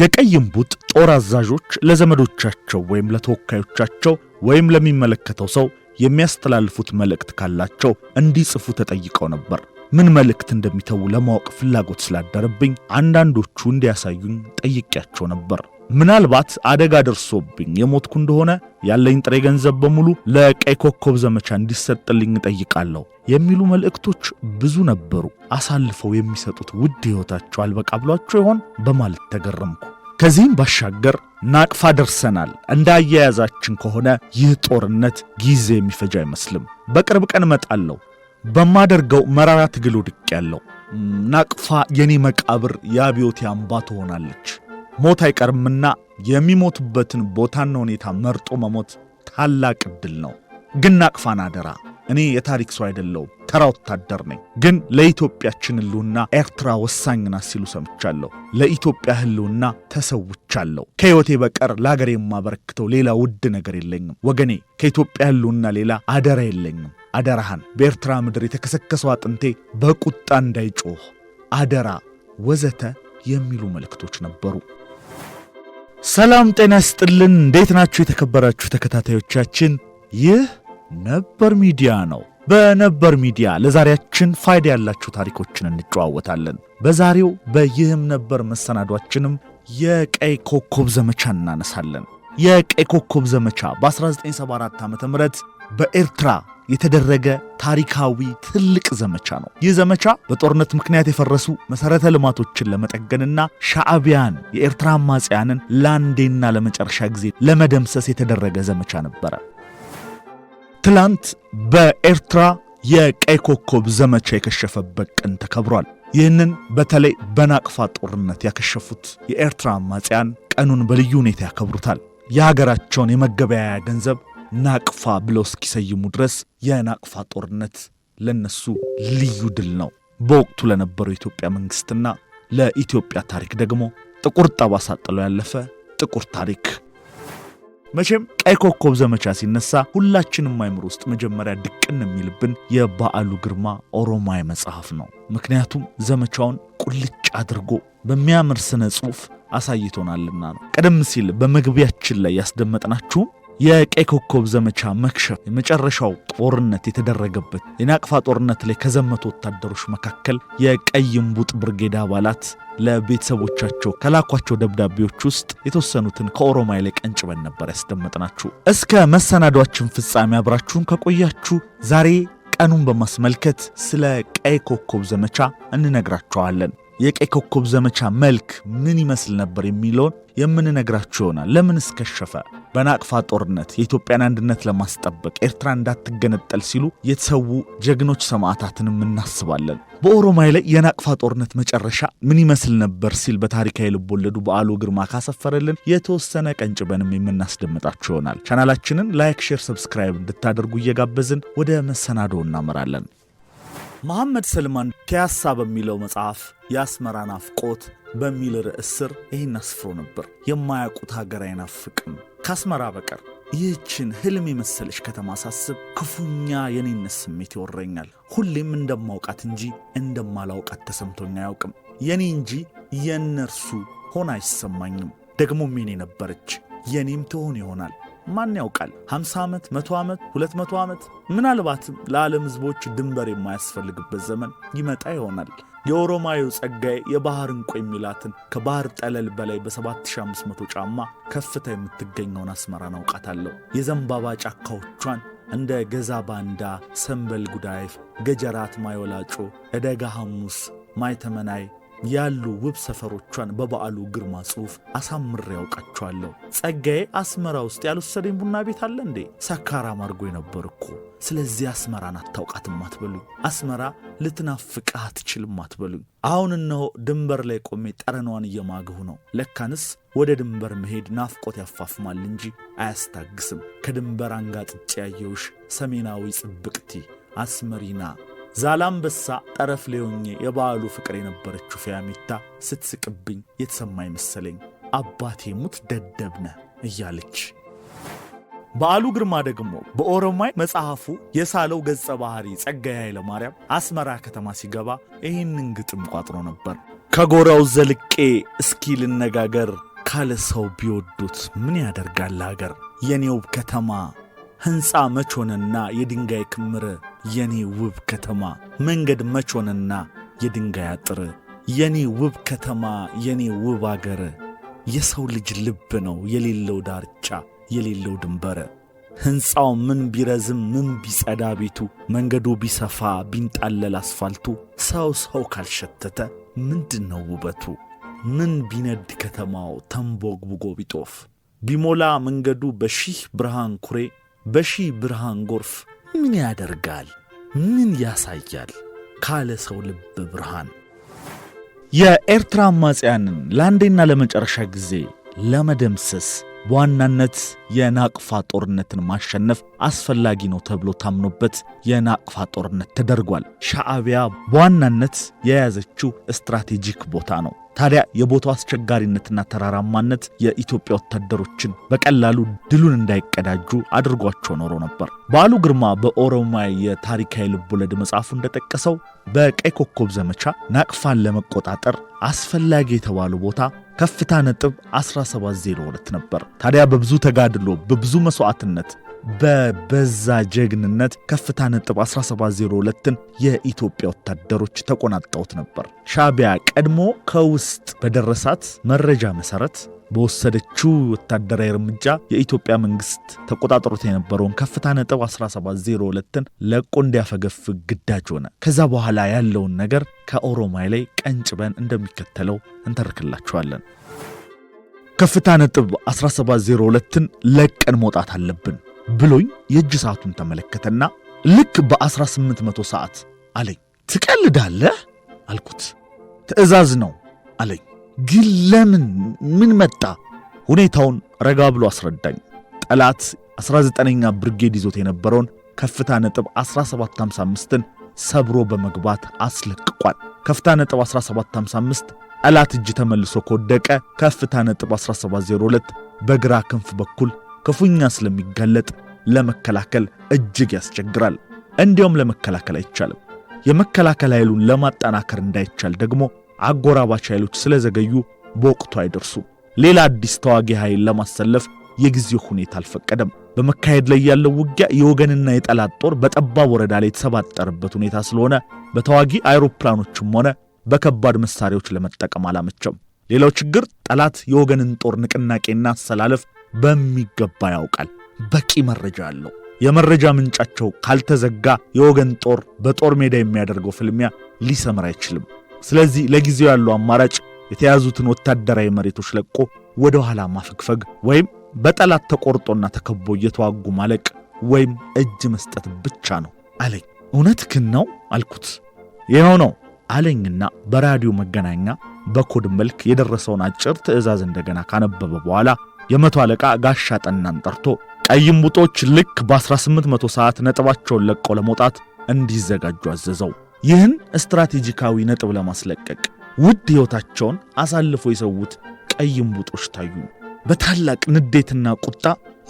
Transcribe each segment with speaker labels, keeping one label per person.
Speaker 1: የቀይ እምቡጥ ጦር አዛዦች ለዘመዶቻቸው ወይም ለተወካዮቻቸው ወይም ለሚመለከተው ሰው የሚያስተላልፉት መልእክት ካላቸው እንዲጽፉ ተጠይቀው ነበር። ምን መልእክት እንደሚተዉ ለማወቅ ፍላጎት ስላደረብኝ አንዳንዶቹ እንዲያሳዩኝ ጠይቄያቸው ነበር። ምናልባት አደጋ ደርሶብኝ የሞትኩ እንደሆነ ያለኝ ጥሬ ገንዘብ በሙሉ ለቀይ ኮከብ ዘመቻ እንዲሰጥልኝ እጠይቃለሁ የሚሉ መልእክቶች ብዙ ነበሩ። አሳልፈው የሚሰጡት ውድ ሕይወታቸው አልበቃ ብሏቸው ይሆን በማለት ተገረምኩ። ከዚህም ባሻገር ናቅፋ ደርሰናል። እንደ አያያዛችን ከሆነ ይህ ጦርነት ጊዜ የሚፈጅ አይመስልም። በቅርብ ቀን እመጣለሁ። በማደርገው መራራ ትግል ያለው ናቅፋ የኔ መቃብር የአብዮቴ አምባ ትሆናለች። ሞት አይቀርምና የሚሞትበትን ቦታና ሁኔታ መርጦ መሞት ታላቅ ዕድል ነው። ግን ናቅፋን አደራ፣ እኔ የታሪክ ሰው አይደለውም ተራ ወታደር ነኝ። ግን ለኢትዮጵያችን ህልውና ኤርትራ ወሳኝ ናት ሲሉ ሰምቻለሁ። ለኢትዮጵያ ህልውና ተሰውቻለሁ። ከሕይወቴ በቀር ለአገሬ የማበረክተው ሌላ ውድ ነገር የለኝም። ወገኔ፣ ከኢትዮጵያ ህልውና ሌላ አደራ የለኝም። አደራህን በኤርትራ ምድር የተከሰከሰው አጥንቴ በቁጣ እንዳይጮህ አደራ፣ ወዘተ የሚሉ መልእክቶች ነበሩ። ሰላም ጤና ይስጥልን። እንዴት ናችሁ የተከበራችሁ ተከታታዮቻችን? ይህ ነበር ሚዲያ ነው። በነበር ሚዲያ ለዛሬያችን ፋይዳ ያላችሁ ታሪኮችን እንጨዋወታለን። በዛሬው በይህም ነበር መሰናዷችንም የቀይ ኮከብ ዘመቻ እናነሳለን። የቀይ ኮከብ ዘመቻ በ1974 ዓ ም በኤርትራ የተደረገ ታሪካዊ ትልቅ ዘመቻ ነው። ይህ ዘመቻ በጦርነት ምክንያት የፈረሱ መሠረተ ልማቶችን ለመጠገንና ሻዕቢያን የኤርትራ አማጽያንን ለአንዴና ለመጨረሻ ጊዜ ለመደምሰስ የተደረገ ዘመቻ ነበረ። ትላንት በኤርትራ የቀይ ኮከብ ዘመቻ የከሸፈበት ቀን ተከብሯል። ይህንን በተለይ በናቅፋ ጦርነት ያከሸፉት የኤርትራ አማጽያን ቀኑን በልዩ ሁኔታ ያከብሩታል። የሀገራቸውን የመገበያያ ገንዘብ ናቅፋ ብለው እስኪሰይሙ ድረስ የናቅፋ ጦርነት ለነሱ ልዩ ድል ነው። በወቅቱ ለነበረው የኢትዮጵያ መንግስትና ለኢትዮጵያ ታሪክ ደግሞ ጥቁር ጠባሳ ጥሎ ያለፈ ጥቁር ታሪክ። መቼም ቀይ ኮከብ ዘመቻ ሲነሳ ሁላችንም አይምሮ ውስጥ መጀመሪያ ድቅን የሚልብን የበዓሉ ግርማ ኦሮማይ መጽሐፍ ነው። ምክንያቱም ዘመቻውን ቁልጭ አድርጎ በሚያምር ስነ ጽሑፍ አሳይቶናልና ነው። ቀደም ሲል በመግቢያችን ላይ ያስደመጥናችሁም የቀይ ኮከብ ዘመቻ መክሸፍ የመጨረሻው ጦርነት የተደረገበት የናቅፋ ጦርነት ላይ ከዘመቱ ወታደሮች መካከል የቀይ ንቡጥ ብርጌድ አባላት ለቤተሰቦቻቸው ከላኳቸው ደብዳቤዎች ውስጥ የተወሰኑትን ከኦሮማይ ላይ ቀንጭበን ነበር ያስደመጥናችሁ። እስከ መሰናዷችን ፍጻሜ አብራችሁን ከቆያችሁ ዛሬ ቀኑን በማስመልከት ስለ ቀይ ኮከብ ዘመቻ እንነግራችኋለን። የቀይ ኮከብ ዘመቻ መልክ ምን ይመስል ነበር የሚለውን የምንነግራችሁ ይሆናል። ለምን እስከሸፈ በናቅፋ ጦርነት የኢትዮጵያን አንድነት ለማስጠበቅ ኤርትራ እንዳትገነጠል ሲሉ የተሰዉ ጀግኖች ሰማዕታትንም እናስባለን። በኦሮማይ ላይ የናቅፋ ጦርነት መጨረሻ ምን ይመስል ነበር ሲል በታሪካዊ ልቦለዱ በዓሉ ግርማ ካሰፈረልን የተወሰነ ቀንጭበንም የምናስደምጣችሁ ይሆናል። ቻናላችንን ላይክ፣ ሼር፣ ሰብስክራይብ እንድታደርጉ እየጋበዝን ወደ መሰናዶ እናመራለን። መሐመድ ሰልማን ፒያሳ በሚለው መጽሐፍ የአስመራ ናፍቆት በሚል ርዕስ ስር ይህን አስፍሮ ነበር። የማያውቁት ሀገር አይናፍቅም ከአስመራ በቀር። ይህችን ህልም የመሰለች ከተማ ሳስብ ክፉኛ የኔነት ስሜት ይወረኛል። ሁሌም እንደማውቃት እንጂ እንደማላውቃት ተሰምቶኝ አያውቅም። የኔ እንጂ የእነርሱ ሆን አይሰማኝም። ደግሞም የኔ ነበረች የኔም ትሆን ይሆናል። ማን ያውቃል? 50 ዓመት፣ 100 ዓመት፣ 200 ዓመት ምናልባትም ለዓለም ሕዝቦች ድንበር የማያስፈልግበት ዘመን ይመጣ ይሆናል። የኦሮማዊው ጸጋዬ የባህር እንቁ የሚላትን ከባህር ጠለል በላይ በ7500 ጫማ ከፍታ የምትገኘውን አስመራን አውቃታለሁ። የዘንባባ ጫካዎቿን እንደ ገዛ ባንዳ፣ ሰንበል ጉዳይፍ፣ ገጀራት፣ ማይወላጮ እደጋ ሐሙስ፣ ማይተመናይ ያሉ ውብ ሰፈሮቿን በበዓሉ ግርማ ጽሑፍ አሳምሬ ያውቃቸዋለሁ። ጸጋዬ አስመራ ውስጥ ያልወሰደኝ ቡና ቤት አለ እንዴ? ሰካራም አድርጎ የነበር እኮ። ስለዚህ አስመራን አታውቃትም አትበሉኝ። አስመራ ልትናፍቅህ አትችልም አትበሉኝ። አሁን እነሆ ድንበር ላይ ቆሜ ጠረኗን እየማግሁ ነው። ለካንስ ወደ ድንበር መሄድ ናፍቆት ያፋፍማል እንጂ አያስታግስም። ከድንበር አንጋጥጬ ያየውሽ ሰሜናዊ ጽብቅቲ አስመሪና ዛላምበሳ ጠረፍ ሌዮኜ የበዓሉ ፍቅር የነበረችው ፊያሜታ ስትስቅብኝ የተሰማኝ መሰለኝ። አባቴ ሙት ደደብነ እያለች በዓሉ ግርማ ደግሞ በኦሮማይ መጽሐፉ የሳለው ገጸ ባህሪ ጸጋዬ ኃይለ ማርያም አስመራ ከተማ ሲገባ ይህንን ግጥም ቋጥሮ ነበር። ከጎራው ዘልቄ እስኪ ልነጋገር ካለ ሰው ቢወዱት ምን ያደርጋል አገር የኔውብ ከተማ ሕንፃ መቾንና የድንጋይ ክምር የኔ ውብ ከተማ፣ መንገድ መቾንና የድንጋይ አጥር የኔ ውብ ከተማ፣ የኔ ውብ አገር። የሰው ልጅ ልብ ነው የሌለው ዳርቻ የሌለው ድንበር። ሕንፃው ምን ቢረዝም ምን ቢጸዳ ቤቱ፣ መንገዱ ቢሰፋ ቢንጣለል አስፋልቱ፣ ሰው ሰው ካልሸተተ ምንድን ነው ውበቱ? ምን ቢነድ ከተማው ተንቦግብጎ ቢጦፍ፣ ቢሞላ መንገዱ በሺህ ብርሃን ኩሬ በሺህ ብርሃን ጎርፍ ምን ያደርጋል? ምን ያሳያል? ካለ ሰው ልብ ብርሃን የኤርትራ አማጽያንን ለአንዴና ለመጨረሻ ጊዜ ለመደምሰስ በዋናነት የናቅፋ ጦርነትን ማሸነፍ አስፈላጊ ነው ተብሎ ታምኖበት የናቅፋ ጦርነት ተደርጓል። ሻዕቢያ በዋናነት የያዘችው ስትራቴጂክ ቦታ ነው። ታዲያ የቦታው አስቸጋሪነትና ተራራማነት የኢትዮጵያ ወታደሮችን በቀላሉ ድሉን እንዳይቀዳጁ አድርጓቸው ኖሮ ነበር። በዓሉ ግርማ በኦሮማይ የታሪካዊ ልቦለድ መጽሐፉ እንደጠቀሰው በቀይ ኮከብ ዘመቻ ናቅፋን ለመቆጣጠር አስፈላጊ የተባሉ ቦታ ከፍታ ነጥብ 1702 ነበር። ታዲያ በብዙ ተጋድሎ በብዙ መሥዋዕትነት በበዛ ጀግንነት ከፍታ ነጥብ 1702ን የኢትዮጵያ ወታደሮች ተቆናጠውት ነበር። ሻቢያ ቀድሞ ከውስጥ በደረሳት መረጃ መሰረት በወሰደችው ወታደራዊ እርምጃ የኢትዮጵያ መንግስት ተቆጣጥሮት የነበረውን ከፍታ ነጥብ 1702ን ለቆ እንዲያፈገፍግ ግዳጅ ሆነ። ከዛ በኋላ ያለውን ነገር ከኦሮማይ ላይ ቀንጭበን እንደሚከተለው እንተርክላችኋለን። ከፍታ ነጥብ 1702ን ለቀን መውጣት አለብን። ብሎኝ የእጅ ሰዓቱን ተመለከተና ልክ በ1800 ሰዓት አለኝ። ትቀልዳለህ አልኩት። ትዕዛዝ ነው አለኝ። ግን ለምን ምን መጣ? ሁኔታውን ረጋ ብሎ አስረዳኝ። ጠላት 19ኛ ብርጌድ ይዞት የነበረውን ከፍታ ነጥብ 1755ን ሰብሮ በመግባት አስለቅቋል። ከፍታ ነጥብ 1755 ጠላት እጅ ተመልሶ ከወደቀ ከፍታ ነጥብ 1702 በግራ ክንፍ በኩል ክፉኛ ስለሚጋለጥ ለመከላከል እጅግ ያስቸግራል። እንዲያውም ለመከላከል አይቻልም። የመከላከል ኃይሉን ለማጠናከር እንዳይቻል ደግሞ አጎራባች ኃይሎች ስለዘገዩ በወቅቱ አይደርሱም። ሌላ አዲስ ተዋጊ ኃይል ለማሰለፍ የጊዜው ሁኔታ አልፈቀደም። በመካሄድ ላይ ያለው ውጊያ የወገንና የጠላት ጦር በጠባብ ወረዳ ላይ የተሰባጠረበት ሁኔታ ስለሆነ በተዋጊ አይሮፕላኖችም ሆነ በከባድ መሳሪያዎች ለመጠቀም አላመቸም። ሌላው ችግር ጠላት የወገንን ጦር ንቅናቄና አሰላለፍ በሚገባ ያውቃል። በቂ መረጃ አለው። የመረጃ ምንጫቸው ካልተዘጋ የወገን ጦር በጦር ሜዳ የሚያደርገው ፍልሚያ ሊሰምር አይችልም። ስለዚህ ለጊዜው ያለው አማራጭ የተያዙትን ወታደራዊ መሬቶች ለቆ ወደ ኋላ ማፈግፈግ ወይም በጠላት ተቆርጦና ተከቦ እየተዋጉ ማለቅ ወይም እጅ መስጠት ብቻ ነው አለኝ። እውነትህን ነው አልኩት። ይኸው ነው አለኝና በራዲዮ መገናኛ በኮድ መልክ የደረሰውን አጭር ትዕዛዝ እንደገና ካነበበ በኋላ የመቶ አለቃ ጋሻ ጠናን ጠርቶ ቀይም ቡጦች ልክ በ1800 ሰዓት ነጥባቸውን ለቀው ለመውጣት እንዲዘጋጁ አዘዘው። ይህን ስትራቴጂካዊ ነጥብ ለማስለቀቅ ውድ ሕይወታቸውን አሳልፎ የሰዉት ቀይም ቡጦች ታዩ። በታላቅ ንዴትና ቁጣ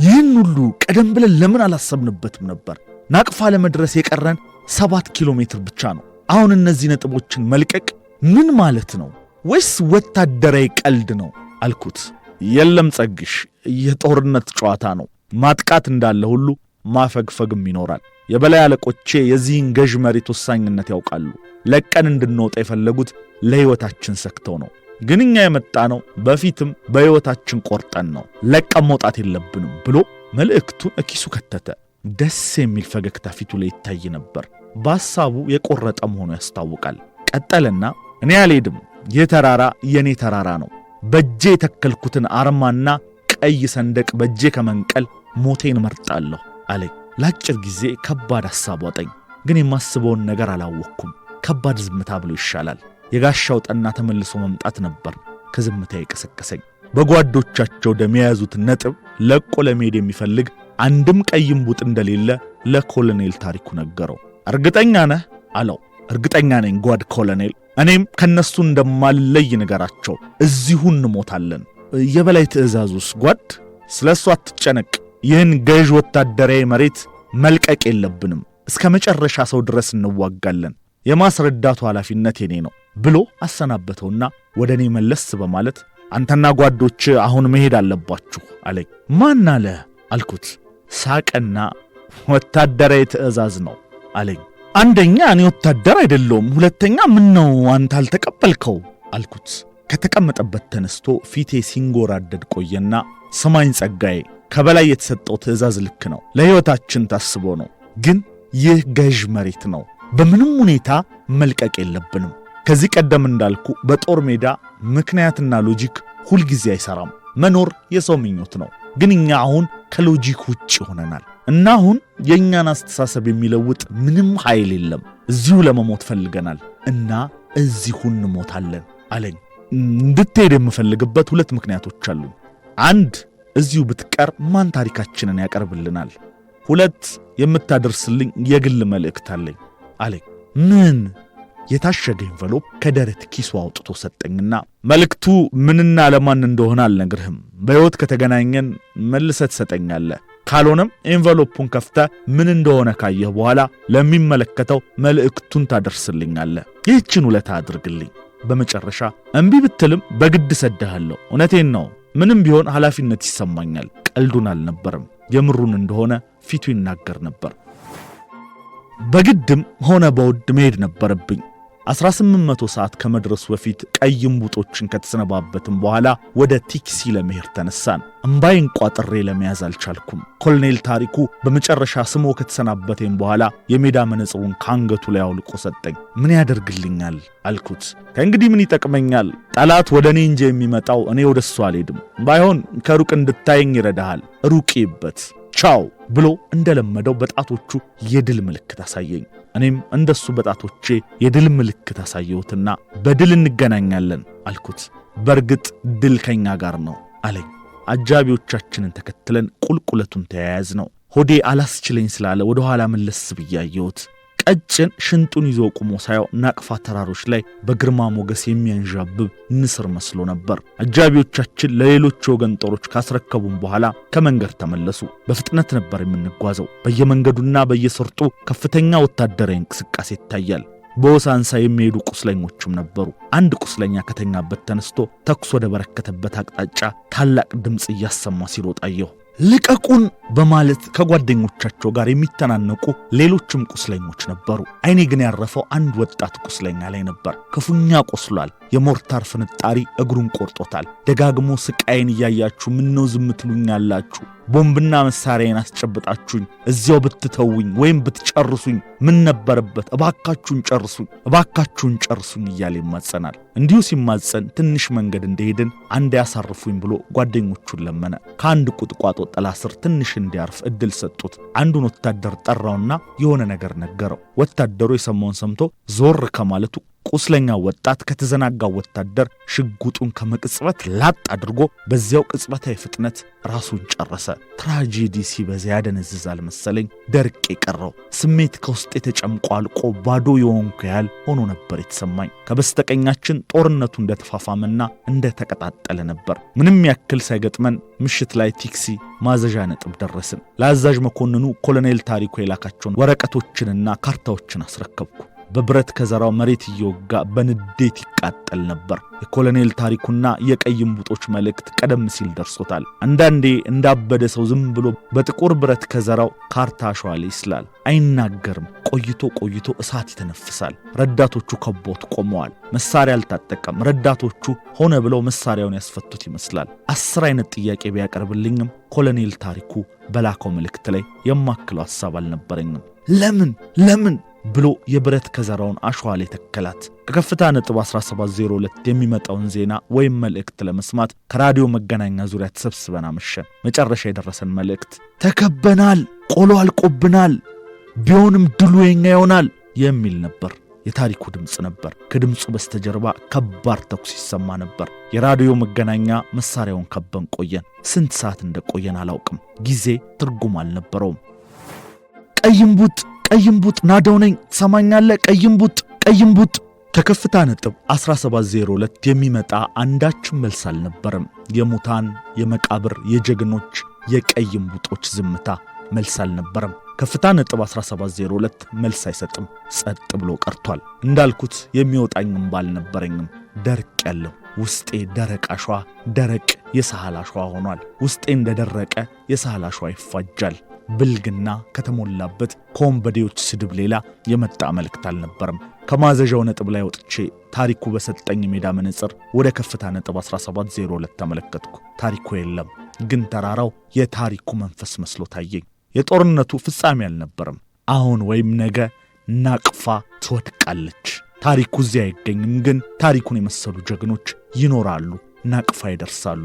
Speaker 1: ይህን ሁሉ ቀደም ብለን ለምን አላሰብንበትም ነበር? ናቅፋ ለመድረስ የቀረን ሰባት ኪሎ ሜትር ብቻ ነው። አሁን እነዚህ ነጥቦችን መልቀቅ ምን ማለት ነው? ወይስ ወታደራዊ ቀልድ ነው? አልኩት። የለም ጸግሽ፣ የጦርነት ጨዋታ ነው። ማጥቃት እንዳለ ሁሉ ማፈግፈግም ይኖራል። የበላይ አለቆቼ የዚህን ገዥ መሬት ወሳኝነት ያውቃሉ። ለቀን እንድንወጣ የፈለጉት ለሕይወታችን ሰክተው ነው። ግን እኛ የመጣ ነው በፊትም በሕይወታችን ቆርጠን ነው። ለቀን መውጣት የለብንም ብሎ መልእክቱን እኪሱ ከተተ። ደስ የሚል ፈገግታ ፊቱ ላይ ይታይ ነበር። በሐሳቡ የቆረጠ መሆኑ ያስታውቃል። ቀጠለና እኔ አልሄድም፣ ይህ ተራራ የእኔ ተራራ ነው በእጄ የተከልኩትን አርማና ቀይ ሰንደቅ በእጄ ከመንቀል ሞቴን መርጣለሁ አለኝ። ለአጭር ጊዜ ከባድ ሐሳብ ዋጠኝ፣ ግን የማስበውን ነገር አላወቅኩም። ከባድ ዝምታ ብሎ ይሻላል። የጋሻው ጠና ተመልሶ መምጣት ነበር ከዝምታ የቀሰቀሰኝ። በጓዶቻቸው ደም ነጥብ ለቆ ለመሄድ የሚፈልግ አንድም ቀይም ቡጥ እንደሌለ ለኮሎኔል ታሪኩ ነገረው። እርግጠኛ ነህ አለው። እርግጠኛ ነኝ ጓድ ኮሎኔል እኔም ከነሱ እንደማልለይ ንገራቸው፣ እዚሁ እንሞታለን። የበላይ ትእዛዙስ ጓድ? ስለ እሱ አትጨነቅ። ይህን ገዥ ወታደራዊ መሬት መልቀቅ የለብንም። እስከ መጨረሻ ሰው ድረስ እንዋጋለን። የማስረዳቱ ኃላፊነት የኔ ነው ብሎ አሰናበተውና ወደ እኔ መለስ በማለት አንተና ጓዶች አሁን መሄድ አለባችሁ አለኝ። ማን አለ አልኩት። ሳቀና ወታደራዊ ትእዛዝ ነው አለኝ። አንደኛ እኔ ወታደር አይደለሁም፣ ሁለተኛ ምን ነው አንተ አልተቀበልከው አልኩት። ከተቀመጠበት ተነስቶ ፊቴ ሲንጎራደድ ቆየና ስማኝ ጸጋዬ፣ ከበላይ የተሰጠው ትዕዛዝ ልክ ነው፣ ለሕይወታችን ታስቦ ነው። ግን ይህ ገዥ መሬት ነው፣ በምንም ሁኔታ መልቀቅ የለብንም። ከዚህ ቀደም እንዳልኩ በጦር ሜዳ ምክንያትና ሎጂክ ሁልጊዜ አይሰራም። መኖር የሰው ምኞት ነው፣ ግን እኛ አሁን ከሎጂክ ውጭ ሆነናል። እና አሁን የእኛን አስተሳሰብ የሚለውጥ ምንም ኃይል የለም። እዚሁ ለመሞት ፈልገናል እና እዚሁ እንሞታለን አለኝ። እንድትሄድ የምፈልግበት ሁለት ምክንያቶች አሉኝ። አንድ እዚሁ ብትቀር ማን ታሪካችንን ያቀርብልናል? ሁለት የምታደርስልኝ የግል መልእክት አለኝ አለኝ። ምን? የታሸገ ኢንቨሎፕ ከደረት ኪሱ አውጥቶ ሰጠኝና መልእክቱ ምንና ለማን እንደሆነ አልነግርህም፣ በሕይወት ከተገናኘን መልሰ ትሰጠኛለህ ካልሆነም ኤንቨሎፑን ከፍተ ምን እንደሆነ ካየህ በኋላ ለሚመለከተው መልእክቱን ታደርስልኛለህ። ይህችን ውለታ አድርግልኝ። በመጨረሻ እምቢ ብትልም በግድ ሰድሃለሁ። እውነቴን ነው። ምንም ቢሆን ኃላፊነት ይሰማኛል። ቀልዱን አልነበርም፣ የምሩን እንደሆነ ፊቱ ይናገር ነበር። በግድም ሆነ በውድ መሄድ ነበረብኝ። 1800 ሰዓት ከመድረሱ በፊት ቀይ እምቡጦችን ከተሰነባበትም በኋላ ወደ ቲክሲ ለመሄድ ተነሳን። እምባይን ቋጥሬ ለመያዝ አልቻልኩም። ኮሎኔል ታሪኩ በመጨረሻ ስሞ ከተሰናበተኝ በኋላ የሜዳ መነጽሩን ከአንገቱ ላይ አውልቆ ሰጠኝ። ምን ያደርግልኛል አልኩት። ከእንግዲህ ምን ይጠቅመኛል? ጠላት ወደ እኔ እንጂ የሚመጣው እኔ ወደ እሱ አልሄድም። ባይሆን ከሩቅ እንድታየኝ ይረዳሃል። ሩቅ ይበት ቻው ብሎ እንደለመደው በጣቶቹ የድል ምልክት አሳየኝ። እኔም እንደሱ በጣቶቼ የድል ምልክት አሳየሁትና በድል እንገናኛለን አልኩት። በእርግጥ ድል ከኛ ጋር ነው አለኝ። አጃቢዎቻችንን ተከትለን ቁልቁለቱን ተያያዝ ነው። ሆዴ አላስችለኝ ስላለ ወደ ኋላ መለስ ብዬ አየሁት። ቀጭን ሽንጡን ይዞ ቆሞ ሳየው ናቅፋ ተራሮች ላይ በግርማ ሞገስ የሚያንዣብብ ንስር መስሎ ነበር። አጃቢዎቻችን ለሌሎች ወገን ጦሮች ካስረከቡም በኋላ ከመንገድ ተመለሱ። በፍጥነት ነበር የምንጓዘው። በየመንገዱና በየሰርጡ ከፍተኛ ወታደራዊ እንቅስቃሴ ይታያል። በወሳንሳ የሚሄዱ ቁስለኞችም ነበሩ። አንድ ቁስለኛ ከተኛበት ተነስቶ ተኩስ ወደ በረከተበት አቅጣጫ ታላቅ ድምፅ እያሰማ ሲሮጥ አየሁ። ልቀቁን በማለት ከጓደኞቻቸው ጋር የሚተናነቁ ሌሎችም ቁስለኞች ነበሩ። አይኔ ግን ያረፈው አንድ ወጣት ቁስለኛ ላይ ነበር። ክፉኛ ቆስሏል። የሞርታር ፍንጣሪ እግሩን ቆርጦታል። ደጋግሞ ስቃይን እያያችሁ ምነው ዝም ትሉኛላችሁ ቦምብና መሳሪያን አስጨብጣችሁኝ እዚያው ብትተውኝ ወይም ብትጨርሱኝ ምን ነበረበት? እባካችሁን ጨርሱኝ፣ እባካችሁን ጨርሱኝ እያለ ይማጸናል። እንዲሁ ሲማጸን ትንሽ መንገድ እንደሄድን አንድ ያሳርፉኝ ብሎ ጓደኞቹን ለመነ። ከአንድ ቁጥቋጦ ጥላ ስር ትንሽ እንዲያርፍ እድል ሰጡት። አንዱን ወታደር ጠራውና የሆነ ነገር ነገረው። ወታደሩ የሰማውን ሰምቶ ዞር ከማለቱ ቁስለኛ ወጣት ከተዘናጋው ወታደር ሽጉጡን ከመቅጽበት ላጥ አድርጎ በዚያው ቅጽበታዊ ፍጥነት ራሱን ጨረሰ። ትራጄዲ ሲበዛ ያደነዝዛል መሰለኝ ደርቅ የቀረው ስሜት ከውስጤ ተጨምቆ አልቆ ባዶ የሆንኩ ያህል ሆኖ ነበር የተሰማኝ። ከበስተቀኛችን ጦርነቱ እንደተፋፋመና እንደተቀጣጠለ ነበር። ምንም ያክል ሳይገጥመን ምሽት ላይ ቲክሲ ማዘዣ ነጥብ ደረስን። ለአዛዥ መኮንኑ ኮሎኔል ታሪኩ የላካቸውን ወረቀቶችንና ካርታዎችን አስረከብኩ። በብረት ከዘራው መሬት እየወጋ በንዴት ይቃጠል ነበር። የኮሎኔል ታሪኩና የቀይ እምቡጦች መልእክት ቀደም ሲል ደርሶታል። አንዳንዴ እንዳበደ ሰው ዝም ብሎ በጥቁር ብረት ከዘራው ካርታ ሸዋል ይስላል። አይናገርም። ቆይቶ ቆይቶ እሳት ይተነፍሳል። ረዳቶቹ ከቦት ቆመዋል። መሳሪያ አልታጠቀም። ረዳቶቹ ሆነ ብለው መሳሪያውን ያስፈቱት ይመስላል። አስር አይነት ጥያቄ ቢያቀርብልኝም ኮሎኔል ታሪኩ በላከው መልእክት ላይ የማክለው ሐሳብ አልነበረኝም። ለምን ለምን ብሎ የብረት ከዘራውን አሸዋ ላይ ተከላት። ከከፍታ ነጥብ 1702 የሚመጣውን ዜና ወይም መልእክት ለመስማት ከራዲዮ መገናኛ ዙሪያ ተሰብስበን አመሸን። መጨረሻ የደረሰን መልእክት ተከበናል፣ ቆሎ አልቆብናል፣ ቢሆንም ድሉ የኛ ይሆናል የሚል ነበር። የታሪኩ ድምፅ ነበር። ከድምፁ በስተጀርባ ከባድ ተኩስ ይሰማ ነበር። የራዲዮ መገናኛ መሳሪያውን ከበን ቆየን። ስንት ሰዓት እንደቆየን አላውቅም። ጊዜ ትርጉም አልነበረውም። ቀይም ቡጥ ቀይም ቡጥ ናደው ነኝ ሰማኛለ ቀይም ቡጥ ቀይም ቡጥ ከከፍታ ነጥብ 1702 የሚመጣ አንዳችም መልስ አልነበረም። የሙታን የመቃብር የጀግኖች የቀይም ቡጦች ዝምታ መልስ አልነበረም። ከፍታ ነጥብ 1702 መልስ አይሰጥም፣ ጸጥ ብሎ ቀርቷል። እንዳልኩት የሚወጣኝም ባልነበረኝም ደርቅ ያለው ውስጤ ደረቅ አሸዋ ደረቅ የሳህል አሸዋ ሆኗል። ውስጤ እንደደረቀ የሳህል አሸዋ ይፋጃል። ብልግና ከተሞላበት ከወንበዴዎች ስድብ ሌላ የመጣ መልእክት አልነበረም። ከማዘዣው ነጥብ ላይ ወጥቼ ታሪኩ በሰጠኝ ሜዳ መነጽር ወደ ከፍታ ነጥብ 1702 ተመለከትኩ። ታሪኩ የለም፣ ግን ተራራው የታሪኩ መንፈስ መስሎ ታየኝ። የጦርነቱ ፍጻሜ አልነበረም። አሁን ወይም ነገ ናቅፋ ትወድቃለች። ታሪኩ እዚያ አይገኝም፣ ግን ታሪኩን የመሰሉ ጀግኖች ይኖራሉ፣ ናቅፋ ይደርሳሉ።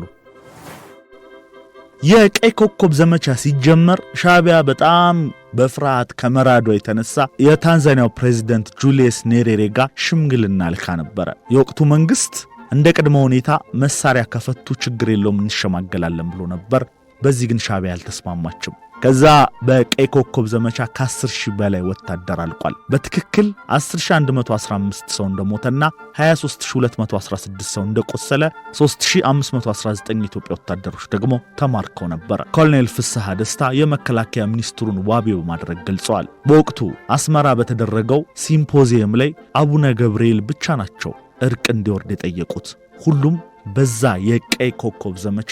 Speaker 1: የቀይ ኮከብ ዘመቻ ሲጀመር ሻቢያ በጣም በፍርሃት ከመራዶ የተነሳ የታንዛኒያው ፕሬዚደንት ጁልየስ ኔሬሬ ጋር ሽምግልና ልካ ነበረ። የወቅቱ መንግስት እንደ ቅድመ ሁኔታ መሳሪያ ከፈቱ ችግር የለውም እንሸማገላለን ብሎ ነበር። በዚህ ግን ሻቢያ አልተስማማችም። ከዛ በቀይ ኮከብ ዘመቻ ከ10 ሺህ በላይ ወታደር አልቋል። በትክክል 10115 ሰው እንደሞተና 23216 ሰው እንደቆሰለ 3519 ኢትዮጵያ ወታደሮች ደግሞ ተማርከው ነበረ። ኮሎኔል ፍስሐ ደስታ የመከላከያ ሚኒስትሩን ዋቢ በማድረግ ገልጸዋል። በወቅቱ አስመራ በተደረገው ሲምፖዚየም ላይ አቡነ ገብርኤል ብቻ ናቸው እርቅ እንዲወርድ የጠየቁት ሁሉም በዛ የቀይ ኮከብ ዘመቻ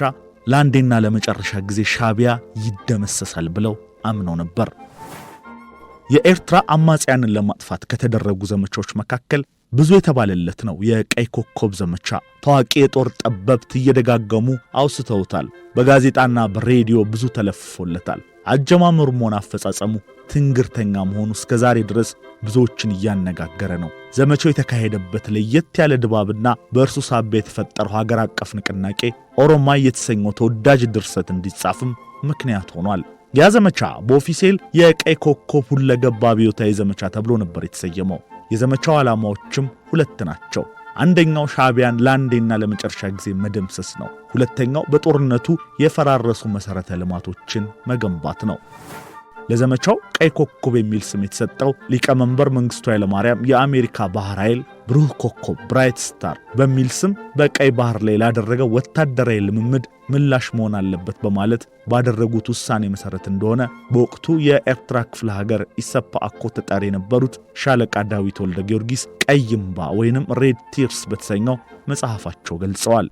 Speaker 1: ለአንዴና ለመጨረሻ ጊዜ ሻቢያ ይደመሰሳል ብለው አምነው ነበር። የኤርትራ አማጽያንን ለማጥፋት ከተደረጉ ዘመቻዎች መካከል ብዙ የተባለለት ነው የቀይ ኮከብ ዘመቻ። ታዋቂ የጦር ጠበብት እየደጋገሙ አውስተውታል። በጋዜጣና በሬዲዮ ብዙ ተለፍፎለታል። አጀማመሩም ሆነ አፈጻጸሙ ትንግርተኛ መሆኑ እስከ ዛሬ ድረስ ብዙዎችን እያነጋገረ ነው። ዘመቻው የተካሄደበት ለየት ያለ ድባብና በእርሱ ሳቢያ የተፈጠረው ሀገር አቀፍ ንቅናቄ ኦሮማይ የተሰኘው ተወዳጅ ድርሰት እንዲጻፍም ምክንያት ሆኗል። ያ ዘመቻ በኦፊሴል የቀይ ኮከብ ሁለገብ አብዮታዊ ዘመቻ ተብሎ ነበር የተሰየመው። የዘመቻው ዓላማዎችም ሁለት ናቸው። አንደኛው ሻቢያን ለአንዴና ለመጨረሻ ጊዜ መደምሰስ ነው። ሁለተኛው በጦርነቱ የፈራረሱ መሠረተ ልማቶችን መገንባት ነው። ለዘመቻው ቀይ ኮከብ የሚል ስም የተሰጠው ሊቀመንበር መንግስቱ ኃይለማርያም የአሜሪካ ባህር ኃይል ብሩህ ኮከብ ብራይት ስታር በሚል ስም በቀይ ባህር ላይ ላደረገው ወታደራዊ ልምምድ ምላሽ መሆን አለበት በማለት ባደረጉት ውሳኔ መሠረት እንደሆነ በወቅቱ የኤርትራ ክፍለ ሀገር ኢሰፓ አኮ ተጠሪ የነበሩት ሻለቃ ዳዊት ወልደ ጊዮርጊስ ቀይ ወይንም ሬድ ቲርስ በተሰኘው መጽሐፋቸው ገልጸዋል።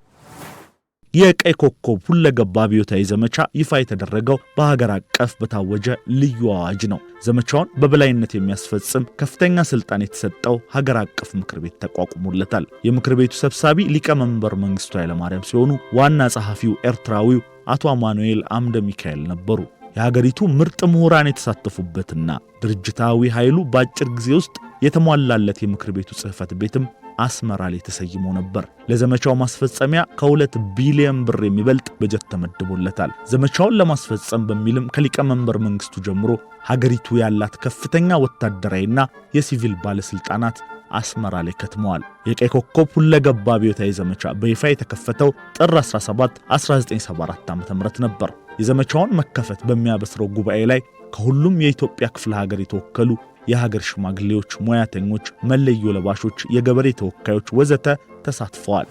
Speaker 1: የቀይ ኮከብ ሁለገብ አብዮታዊ ዘመቻ ይፋ የተደረገው በሀገር አቀፍ በታወጀ ልዩ አዋጅ ነው። ዘመቻውን በበላይነት የሚያስፈጽም ከፍተኛ ስልጣን የተሰጠው ሀገር አቀፍ ምክር ቤት ተቋቁሞለታል። የምክር ቤቱ ሰብሳቢ ሊቀመንበር መንግስቱ ኃይለማርያም ሲሆኑ ዋና ጸሐፊው ኤርትራዊው አቶ አማኑኤል አምደ ሚካኤል ነበሩ። የሀገሪቱ ምርጥ ምሁራን የተሳተፉበትና ድርጅታዊ ኃይሉ በአጭር ጊዜ ውስጥ የተሟላለት የምክር ቤቱ ጽህፈት ቤትም አስመራ ላይ ተሰይሞ ነበር። ለዘመቻው ማስፈጸሚያ ከሁለት ቢሊዮን ብር የሚበልጥ በጀት ተመድቦለታል። ዘመቻውን ለማስፈጸም በሚልም ከሊቀመንበር መንግስቱ ጀምሮ ሀገሪቱ ያላት ከፍተኛ ወታደራዊና የሲቪል ባለስልጣናት አስመራ ላይ ከትመዋል። የቀይ ኮከብ ሁለገባ አብዮታዊ ዘመቻ በይፋ የተከፈተው ጥር 17 1974 ዓ.ም ነበር። የዘመቻውን መከፈት በሚያበስረው ጉባኤ ላይ ከሁሉም የኢትዮጵያ ክፍለ ሀገር የተወከሉ የሀገር ሽማግሌዎች፣ ሙያተኞች፣ መለዮ ለባሾች፣ የገበሬ ተወካዮች ወዘተ ተሳትፈዋል።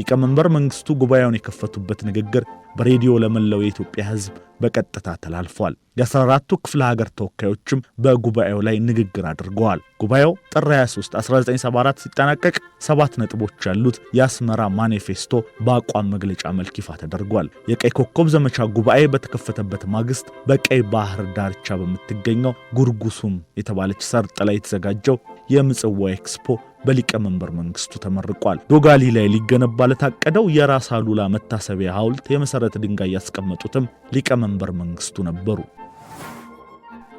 Speaker 1: ሊቀመንበር መንግስቱ ጉባኤውን የከፈቱበት ንግግር በሬዲዮ ለመላው የኢትዮጵያ ሕዝብ በቀጥታ ተላልፏል። የ14ቱ ክፍለ ሀገር ተወካዮችም በጉባኤው ላይ ንግግር አድርገዋል። ጉባኤው ጥር 23 1974 ሲጠናቀቅ ሰባት ነጥቦች ያሉት የአስመራ ማኒፌስቶ በአቋም መግለጫ መልክ ይፋ ተደርጓል። የቀይ ኮከብ ዘመቻ ጉባኤ በተከፈተበት ማግስት በቀይ ባህር ዳርቻ በምትገኘው ጉርጉሱም የተባለች ሰርጥ ላይ የተዘጋጀው የምጽዋ ኤክስፖ በሊቀመንበር መንግስቱ ተመርቋል። ዶጋሊ ላይ ሊገነባ ለታቀደው የራስ አሉላ መታሰቢያ ሐውልት የመሠረተ ድንጋይ ያስቀመጡትም ሊቀመንበር መንግስቱ ነበሩ።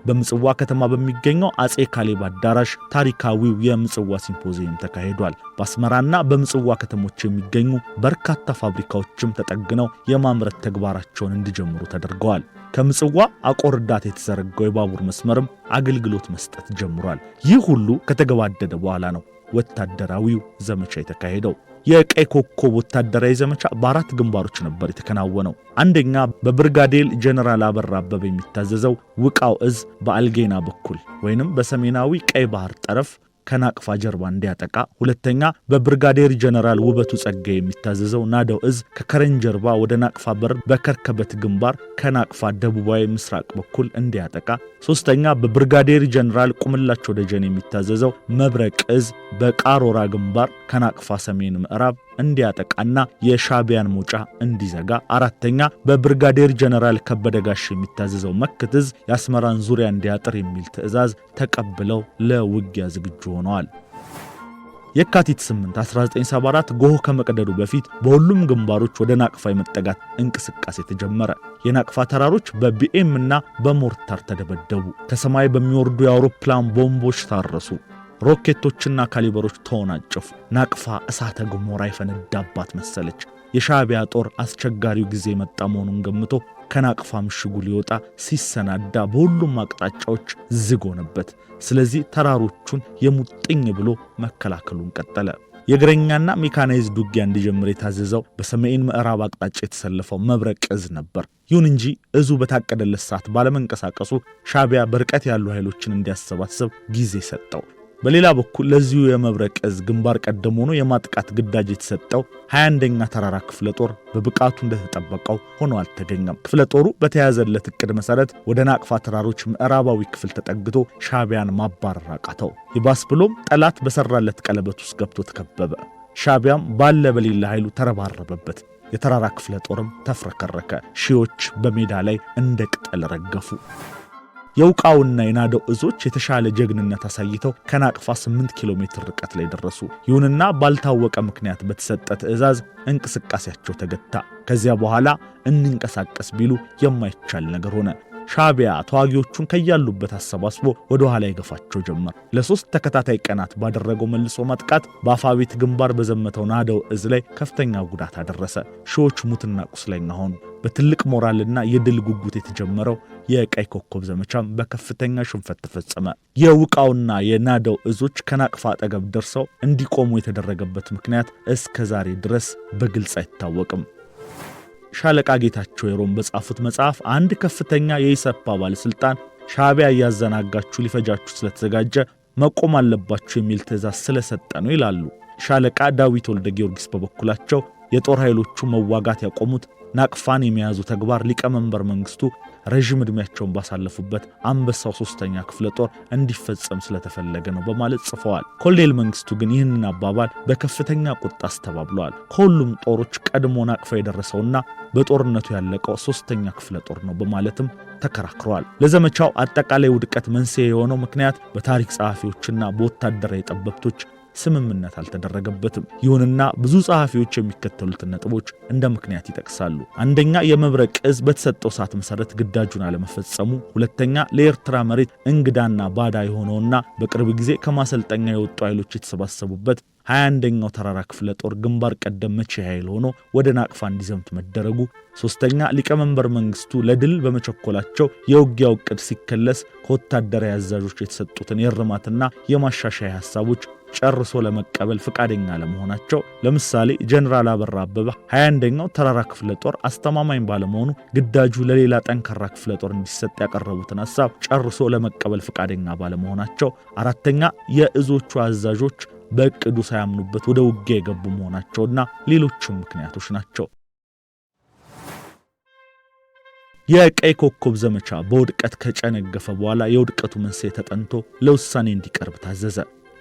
Speaker 1: በምጽዋ ከተማ በሚገኘው አጼ ካሌብ አዳራሽ ታሪካዊው የምጽዋ ሲምፖዚየም ተካሂዷል። በአስመራና በምጽዋ ከተሞች የሚገኙ በርካታ ፋብሪካዎችም ተጠግነው የማምረት ተግባራቸውን እንዲጀምሩ ተደርገዋል። ከምጽዋ አቆር ዳት የተዘረጋው የባቡር መስመርም አገልግሎት መስጠት ጀምሯል። ይህ ሁሉ ከተገባደደ በኋላ ነው ወታደራዊው ዘመቻ የተካሄደው። የቀይ ኮከብ ወታደራዊ ዘመቻ በአራት ግንባሮች ነበር የተከናወነው። አንደኛ በብርጋዴር ጀነራል አበራ አበበ የሚታዘዘው ውቃው እዝ በአልጌና በኩል ወይንም በሰሜናዊ ቀይ ባህር ጠረፍ ከናቅፋ ጀርባ እንዲያጠቃ፣ ሁለተኛ በብርጋዴር ጀነራል ውበቱ ጸጋ የሚታዘዘው ናደው እዝ ከከረን ጀርባ ወደ ናቅፋ በር በከርከበት ግንባር ከናቅፋ ደቡባዊ ምስራቅ በኩል እንዲያጠቃ፣ ሶስተኛ በብርጋዴር ጀነራል ቁምላቸው ደጀን የሚታዘዘው መብረቅ እዝ በቃሮራ ግንባር ከናቅፋ ሰሜን ምዕራብ እንዲያጠቃና የሻቢያን መውጫ እንዲዘጋ፣ አራተኛ በብርጋዴር ጀነራል ከበደ ጋሽ የሚታዘዘው መክትዝ የአስመራን ዙሪያ እንዲያጥር የሚል ትዕዛዝ ተቀብለው ለውጊያ ዝግጁ ሆነዋል። የካቲት 8 1974 ጎህ ከመቅደዱ በፊት በሁሉም ግንባሮች ወደ ናቅፋ የመጠጋት እንቅስቃሴ ተጀመረ። የናቅፋ ተራሮች በቢኤም እና በሞርታር ተደበደቡ። ከሰማይ በሚወርዱ የአውሮፕላን ቦምቦች ታረሱ። ሮኬቶችና ካሊበሮች ተወናጨፉ። ናቅፋ እሳተ ገሞራ የፈነዳባት መሰለች። የሻዕቢያ ጦር አስቸጋሪው ጊዜ መጣ መሆኑን ገምቶ ከናቅፋ ምሽጉ ሊወጣ ሲሰናዳ በሁሉም አቅጣጫዎች ዝግ ሆነበት። ስለዚህ ተራሮቹን የሙጥኝ ብሎ መከላከሉን ቀጠለ። የእግረኛና ሜካናይዝድ ውጊያ እንዲጀምር የታዘዘው በሰሜን ምዕራብ አቅጣጫ የተሰለፈው መብረቅ እዝ ነበር። ይሁን እንጂ እዙ በታቀደለት ሰዓት ባለመንቀሳቀሱ ሻዕቢያ በርቀት ያሉ ኃይሎችን እንዲያሰባስብ ጊዜ ሰጠው። በሌላ በኩል ለዚሁ የመብረቅ እዝ ግንባር ቀደም ሆኖ የማጥቃት ግዳጅ የተሰጠው 21ኛ ተራራ ክፍለ ጦር በብቃቱ እንደተጠበቀው ሆኖ አልተገኘም። ክፍለ ጦሩ በተያዘለት እቅድ መሰረት ወደ ናቅፋ ተራሮች ምዕራባዊ ክፍል ተጠግቶ ሻቢያን ማባረር አቃተው። ይባስ ብሎም ጠላት በሰራለት ቀለበት ውስጥ ገብቶ ተከበበ። ሻቢያም ባለ በሌላ ኃይሉ ተረባረበበት። የተራራ ክፍለ ጦርም ተፍረከረከ። ሺዎች በሜዳ ላይ እንደ ቅጠል ረገፉ። የውቃውና የናደው እዞች የተሻለ ጀግንነት አሳይተው ከናቅፋ 8 ኪሎ ሜትር ርቀት ላይ ደረሱ። ይሁንና ባልታወቀ ምክንያት በተሰጠ ትዕዛዝ እንቅስቃሴያቸው ተገታ። ከዚያ በኋላ እንንቀሳቀስ ቢሉ የማይቻል ነገር ሆነ። ሻቢያ ተዋጊዎቹን ከያሉበት አሰባስቦ ወደ ኋላ ይገፋቸው ጀመር። ለሶስት ተከታታይ ቀናት ባደረገው መልሶ ማጥቃት በአፋቢት ግንባር በዘመተው ናደው እዝ ላይ ከፍተኛ ጉዳት አደረሰ። ሺዎች ሙትና ቁስለኛ ሆኑ። በትልቅ ሞራልና የድል ጉጉት የተጀመረው የቀይ ኮከብ ዘመቻም በከፍተኛ ሽንፈት ተፈጸመ። የውቃውና የናደው እዞች ከናቅፋ አጠገብ ደርሰው እንዲቆሙ የተደረገበት ምክንያት እስከ ዛሬ ድረስ በግልጽ አይታወቅም። ሻለቃ ጌታቸው የሮም በጻፉት መጽሐፍ አንድ ከፍተኛ የኢሰፓ ባለሥልጣን ሻቢያ እያዘናጋችሁ ሊፈጃችሁ ስለተዘጋጀ መቆም አለባችሁ የሚል ትእዛዝ ስለሰጠ ነው ይላሉ። ሻለቃ ዳዊት ወልደ ጊዮርጊስ በበኩላቸው የጦር ኃይሎቹ መዋጋት ያቆሙት ናቅፋን የመያዙ ተግባር ሊቀመንበር መንግስቱ ። ረዥም ዕድሜያቸውን ባሳለፉበት አንበሳው ሶስተኛ ክፍለ ጦር እንዲፈጸም ስለተፈለገ ነው በማለት ጽፈዋል። ኮሎኔል መንግስቱ ግን ይህንን አባባል በከፍተኛ ቁጣ አስተባብለዋል። ከሁሉም ጦሮች ቀድሞ ናቅፋ የደረሰውና በጦርነቱ ያለቀው ሶስተኛ ክፍለ ጦር ነው በማለትም ተከራክረዋል። ለዘመቻው አጠቃላይ ውድቀት መንስኤ የሆነው ምክንያት በታሪክ ጸሐፊዎችና በወታደራዊ ጠበብቶች ስምምነት አልተደረገበትም። ይሁንና ብዙ ጸሐፊዎች የሚከተሉትን ነጥቦች እንደ ምክንያት ይጠቅሳሉ። አንደኛ፣ የመብረቅ እዝ በተሰጠው ሰዓት መሰረት ግዳጁን አለመፈጸሙ፣ ሁለተኛ፣ ለኤርትራ መሬት እንግዳና ባዳ የሆነውና በቅርብ ጊዜ ከማሰልጠኛ የወጡ ኃይሎች የተሰባሰቡበት 21 ተራራ ክፍለ ጦር ግንባር ቀደም መቼ ኃይል ሆኖ ወደ ናቅፋ እንዲዘምት መደረጉ፣ ሶስተኛ ሊቀመንበር መንግስቱ ለድል በመቸኮላቸው የውጊያው ዕቅድ ሲከለስ ከወታደራዊ አዛዦች የተሰጡትን የእርማትና የማሻሻያ ሐሳቦች ጨርሶ ለመቀበል ፈቃደኛ ለመሆናቸው ለምሳሌ ጀኔራል አበራ አበበ 21 ተራራ ክፍለ ጦር አስተማማኝ ባለመሆኑ ግዳጁ ለሌላ ጠንካራ ክፍለ ጦር እንዲሰጥ ያቀረቡትን ሐሳብ ጨርሶ ለመቀበል ፈቃደኛ ባለመሆናቸው፣ አራተኛ የእዞቹ አዛዦች በእቅዱ ሳያምኑበት ወደ ውጊያ የገቡ መሆናቸውና ሌሎችም ምክንያቶች ናቸው። የቀይ ኮከብ ዘመቻ በውድቀት ከጨነገፈ በኋላ የውድቀቱ መንስኤ ተጠንቶ ለውሳኔ እንዲቀርብ ታዘዘ።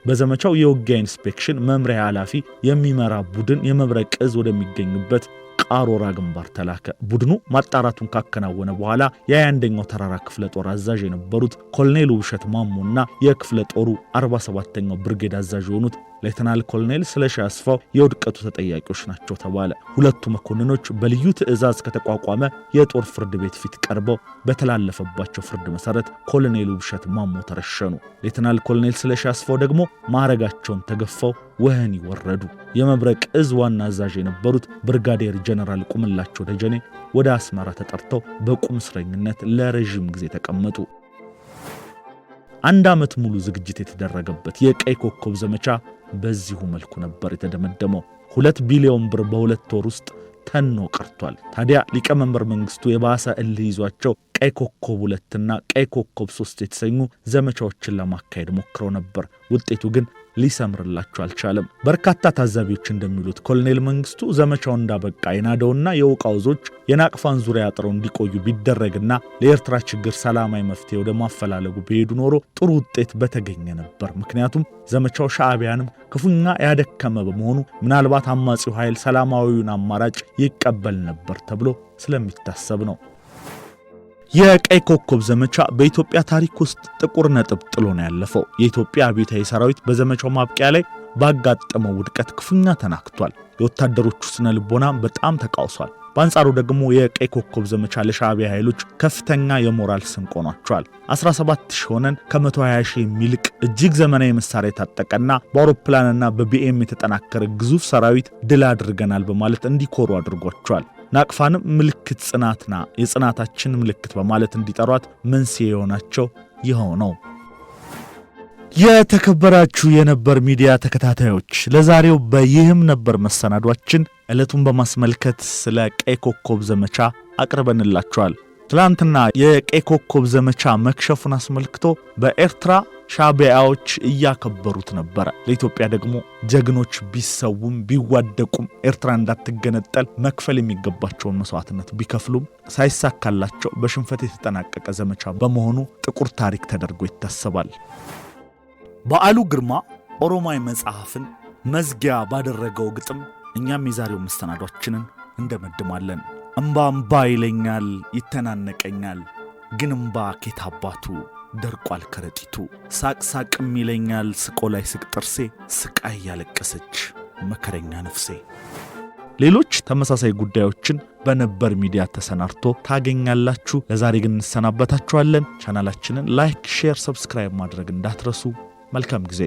Speaker 1: በዘመቻው የውጊያ ኢንስፔክሽን መምሪያ ኃላፊ የሚመራ ቡድን የመብረቅ እዝ ወደሚገኝበት ቃሮራ ግንባር ተላከ። ቡድኑ ማጣራቱን ካከናወነ በኋላ የ21ኛው ተራራ ክፍለ ጦር አዛዥ የነበሩት ኮሎኔል ውብሸት ማሞና የክፍለ ጦሩ 47ኛው ብርጌድ አዛዥ የሆኑት ሌተናል ኮሎኔል ስለሺ አስፋው የውድቀቱ ተጠያቂዎች ናቸው ተባለ። ሁለቱ መኮንኖች በልዩ ትዕዛዝ ከተቋቋመ የጦር ፍርድ ቤት ፊት ቀርበው በተላለፈባቸው ፍርድ መሰረት ኮሎኔሉ ውብሸት ማሞ ተረሸኑ። ሌተናል ኮሎኔል ስለሺ አስፋው ደግሞ ማዕረጋቸውን ተገፈው ወህኒ ወረዱ። የመብረቅ እዝ ዋና አዛዥ የነበሩት ብርጋዴር ጀነራል ቁምላቸው ደጀኔ ወደ አስመራ ተጠርተው በቁም እስረኝነት ለረዥም ጊዜ ተቀመጡ። አንድ ዓመት ሙሉ ዝግጅት የተደረገበት የቀይ ኮከብ ዘመቻ በዚሁ መልኩ ነበር የተደመደመው። ሁለት ቢሊዮን ብር በሁለት ወር ውስጥ ተኖ ቀርቷል። ታዲያ ሊቀመንበር መንግስቱ የባሰ እልህ ይዟቸው ቀይ ኮከብ ሁለትና ቀይ ኮከብ ሶስት የተሰኙ ዘመቻዎችን ለማካሄድ ሞክረው ነበር። ውጤቱ ግን ሊሰምርላቸው አልቻለም። በርካታ ታዛቢዎች እንደሚሉት ኮሎኔል መንግስቱ ዘመቻው እንዳበቃ የናደውና የውቃው ዞች የናቅፋን ዙሪያ አጥረው እንዲቆዩ ቢደረግና ለኤርትራ ችግር ሰላማዊ መፍትሄ ወደ ማፈላለጉ ቢሄዱ ኖሮ ጥሩ ውጤት በተገኘ ነበር። ምክንያቱም ዘመቻው ሻዕቢያንም ክፉኛ ያደከመ በመሆኑ ምናልባት አማጺው ኃይል ሰላማዊውን አማራጭ ይቀበል ነበር ተብሎ ስለሚታሰብ ነው። የቀይ ኮከብ ዘመቻ በኢትዮጵያ ታሪክ ውስጥ ጥቁር ነጥብ ጥሎ ነው ያለፈው። የኢትዮጵያ አብዮታዊ ሰራዊት በዘመቻው ማብቂያ ላይ ባጋጠመው ውድቀት ክፉኛ ተናክቷል። የወታደሮቹ ስነ ልቦና በጣም ተቃውሷል። በአንጻሩ ደግሞ የቀይ ኮከብ ዘመቻ ለሻዕቢያ ኃይሎች ከፍተኛ የሞራል ስንቅ ሆኗቸዋል። 17 ሺህ ሆነን ከ120 ሺህ የሚልቅ እጅግ ዘመናዊ መሳሪያ የታጠቀና በአውሮፕላንና በቢኤም የተጠናከረ ግዙፍ ሰራዊት ድል አድርገናል በማለት እንዲኮሩ አድርጓቸዋል። ናቅፋንም ምልክት ጽናትና የጽናታችን ምልክት በማለት እንዲጠሯት መንስኤ የሆናቸው ይኸው ነው። የተከበራችሁ የነበር ሚዲያ ተከታታዮች ለዛሬው በይህም ነበር መሰናዷችን ዕለቱን በማስመልከት ስለ ቀይ ኮከብ ዘመቻ አቅርበንላችኋል። ትላንትና የቀይ ኮከብ ዘመቻ መክሸፉን አስመልክቶ በኤርትራ ሻቢያዎች እያከበሩት ነበረ። ለኢትዮጵያ ደግሞ ጀግኖች ቢሰውም ቢዋደቁም ኤርትራ እንዳትገነጠል መክፈል የሚገባቸውን መስዋዕትነት ቢከፍሉም ሳይሳካላቸው በሽንፈት የተጠናቀቀ ዘመቻ በመሆኑ ጥቁር ታሪክ ተደርጎ ይታሰባል። በዓሉ ግርማ ኦሮማይ መጽሐፍን መዝጊያ ባደረገው ግጥም እኛም የዛሬው መሰናዷችንን እንደመድማለን። እምባ እምባ ይለኛል ይተናነቀኛል፣ ግን እምባ ኬት አባቱ ደርቋል ከረጢቱ። ሳቅ ሳቅም ይለኛል ስቆ ላይ ስቅ ጥርሴ ስቃይ ያለቀሰች መከረኛ ነፍሴ። ሌሎች ተመሳሳይ ጉዳዮችን በነበር ሚዲያ ተሰናድቶ ታገኛላችሁ። ለዛሬ ግን እንሰናበታችኋለን። ቻናላችንን ላይክ፣ ሼር፣ ሰብስክራይብ ማድረግ እንዳትረሱ። መልካም ጊዜ